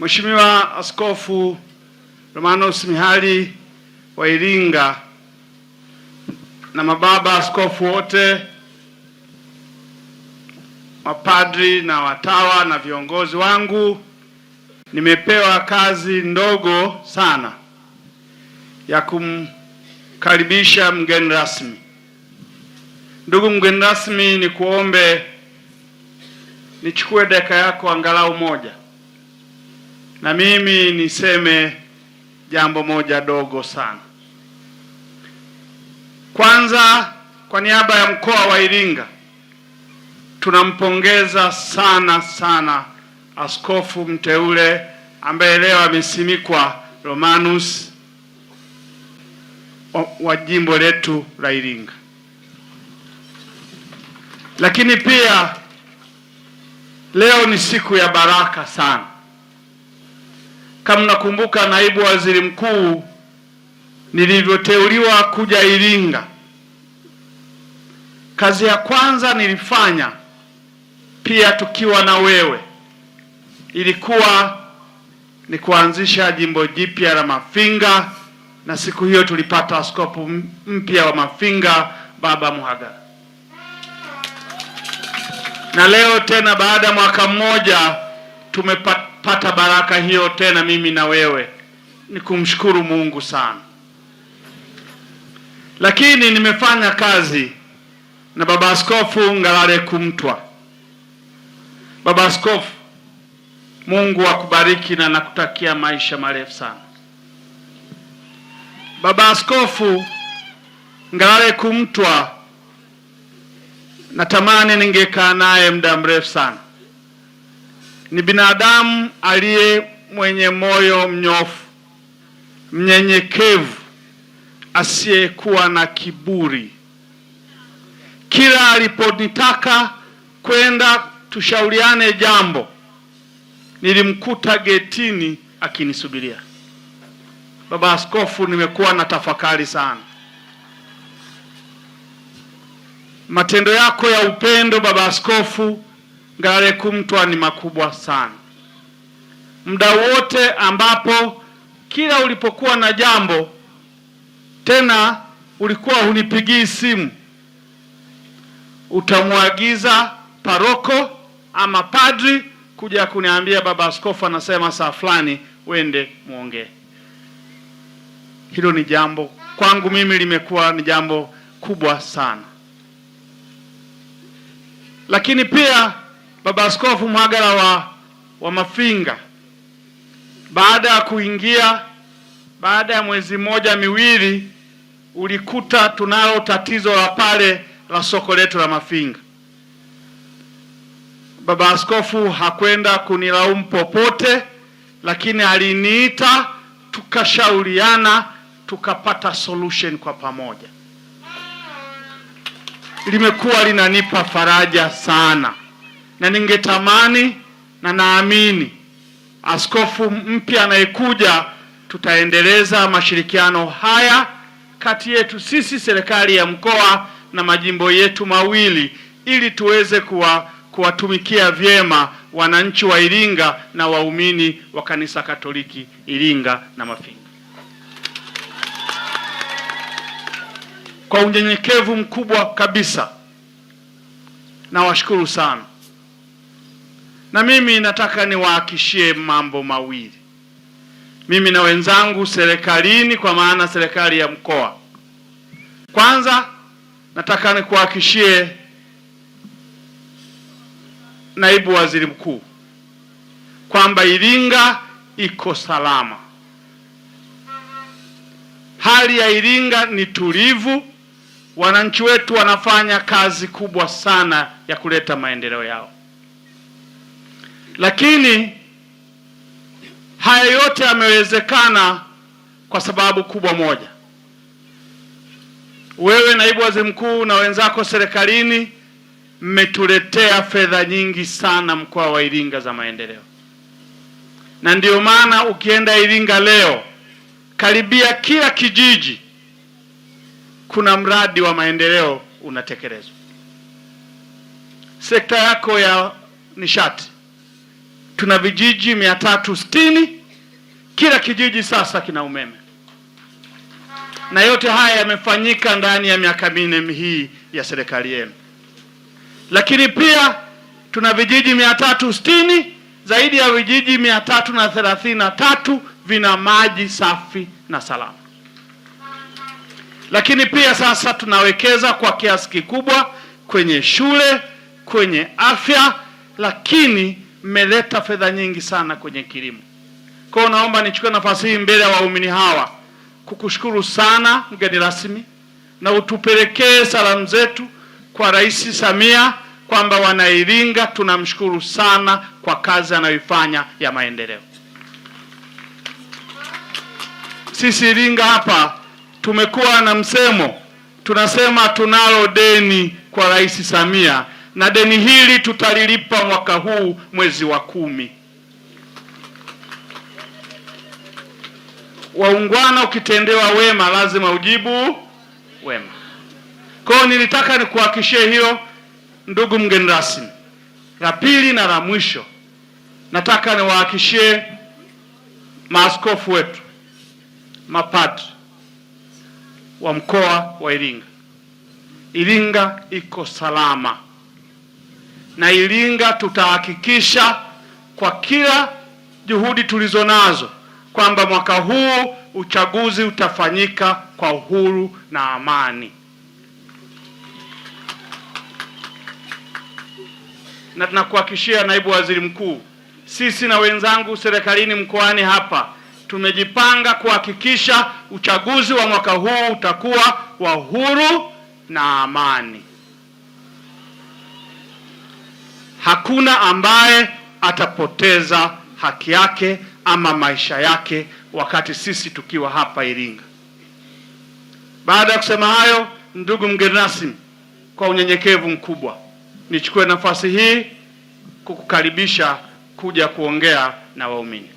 Mheshimiwa Askofu Romanus Mihali wa Iringa na mababa askofu wote, mapadri na watawa na viongozi wangu, nimepewa kazi ndogo sana ya kumkaribisha mgeni rasmi. Ndugu mgeni rasmi, ni kuombe nichukue dakika yako angalau moja na mimi niseme jambo moja dogo sana. Kwanza, kwa niaba ya mkoa wa Iringa tunampongeza sana sana askofu mteule ambaye leo amesimikwa Romanus wa jimbo letu la Iringa. Lakini pia leo ni siku ya baraka sana kama nakumbuka naibu waziri mkuu, nilivyoteuliwa kuja Iringa, kazi ya kwanza nilifanya pia tukiwa na wewe ilikuwa ni kuanzisha jimbo jipya la Mafinga, na siku hiyo tulipata askofu mpya wa Mafinga, Baba Muhaga. Na leo tena baada ya mwaka mmoja tumepata pata baraka hiyo tena mimi na wewe, ni kumshukuru Mungu sana. Lakini nimefanya kazi na baba askofu Ngalale Kumtwa. Baba askofu, Mungu akubariki na nakutakia maisha marefu sana. Baba askofu Ngalale Kumtwa, natamani ningekaa naye muda mrefu sana, ni binadamu aliye mwenye moyo mnyofu, mnyenyekevu, asiyekuwa na kiburi. Kila aliponitaka kwenda tushauriane jambo, nilimkuta getini akinisubiria. Baba Askofu, nimekuwa na tafakari sana matendo yako ya upendo, Baba Askofu Ngare Kumtwa ni makubwa sana. Muda wote ambapo kila ulipokuwa na jambo tena ulikuwa hunipigii simu, utamwagiza paroko ama padri kuja kuniambia, baba askofu anasema saa fulani wende mwongee Hilo ni jambo kwangu mimi limekuwa ni jambo kubwa sana, lakini pia Baba Askofu mhagara wa, wa Mafinga baada ya kuingia, baada ya mwezi mmoja miwili, ulikuta tunalo tatizo la pale la soko letu la Mafinga. Baba Askofu hakwenda kunilaumu popote, lakini aliniita tukashauriana, tukapata solution kwa pamoja. Limekuwa linanipa faraja sana na ningetamani na naamini askofu mpya anayekuja tutaendeleza mashirikiano haya kati yetu sisi serikali ya mkoa na majimbo yetu mawili ili tuweze kuwa kuwatumikia vyema wananchi wa Iringa na waumini wa kanisa Katoliki Iringa na Mafinga. Kwa unyenyekevu mkubwa kabisa, nawashukuru sana. Na mimi nataka niwahakishie mambo mawili, mimi na wenzangu serikalini, kwa maana serikali ya mkoa. Kwanza nataka nikuhakishie naibu waziri mkuu kwamba Iringa iko salama. Hali ya Iringa ni tulivu, wananchi wetu wanafanya kazi kubwa sana ya kuleta maendeleo yao. Lakini haya yote yamewezekana kwa sababu kubwa moja. Wewe naibu waziri mkuu na wenzako serikalini mmetuletea fedha nyingi sana mkoa wa Iringa za maendeleo, na ndio maana ukienda Iringa leo karibia kila kijiji kuna mradi wa maendeleo unatekelezwa. Sekta yako ya nishati Tuna vijiji mia tatu sitini, kila kijiji sasa kina umeme, na yote haya yamefanyika ndani ya miaka minne hii ya serikali yenu. Lakini pia tuna vijiji mia tatu sitini, zaidi ya vijiji mia tatu na thelathini na tatu vina maji safi na salama. Lakini pia sasa tunawekeza kwa kiasi kikubwa kwenye shule, kwenye afya, lakini mmeleta fedha nyingi sana kwenye kilimo. Kwa hiyo naomba nichukue nafasi hii mbele ya wa waumini hawa kukushukuru sana mgeni rasmi, na utupelekee salamu zetu kwa Rais Samia kwamba wanairinga tunamshukuru sana kwa kazi anayoifanya ya maendeleo. Sisi Iringa hapa tumekuwa na msemo tunasema, tunalo deni kwa Rais Samia na deni hili tutalilipa mwaka huu mwezi wa kumi. Waungwana, ukitendewa wema lazima ujibu wema. Kwa hiyo nilitaka nikuhakishie hiyo, ndugu mgeni rasmi. La pili na la mwisho, nataka niwahakishie maaskofu wetu, mapadri wa mkoa wa Iringa, Iringa iko salama na Iringa tutahakikisha kwa kila juhudi tulizo nazo kwamba mwaka huu uchaguzi utafanyika kwa uhuru na amani. Na tunakuhakikishia naibu waziri mkuu, sisi na wenzangu serikalini mkoani hapa tumejipanga kuhakikisha uchaguzi wa mwaka huu utakuwa wa uhuru na amani. Hakuna ambaye atapoteza haki yake ama maisha yake wakati sisi tukiwa hapa Iringa. Baada ya kusema hayo, ndugu mgeni rasmi, kwa unyenyekevu mkubwa nichukue nafasi hii kukukaribisha kuja kuongea na waumini.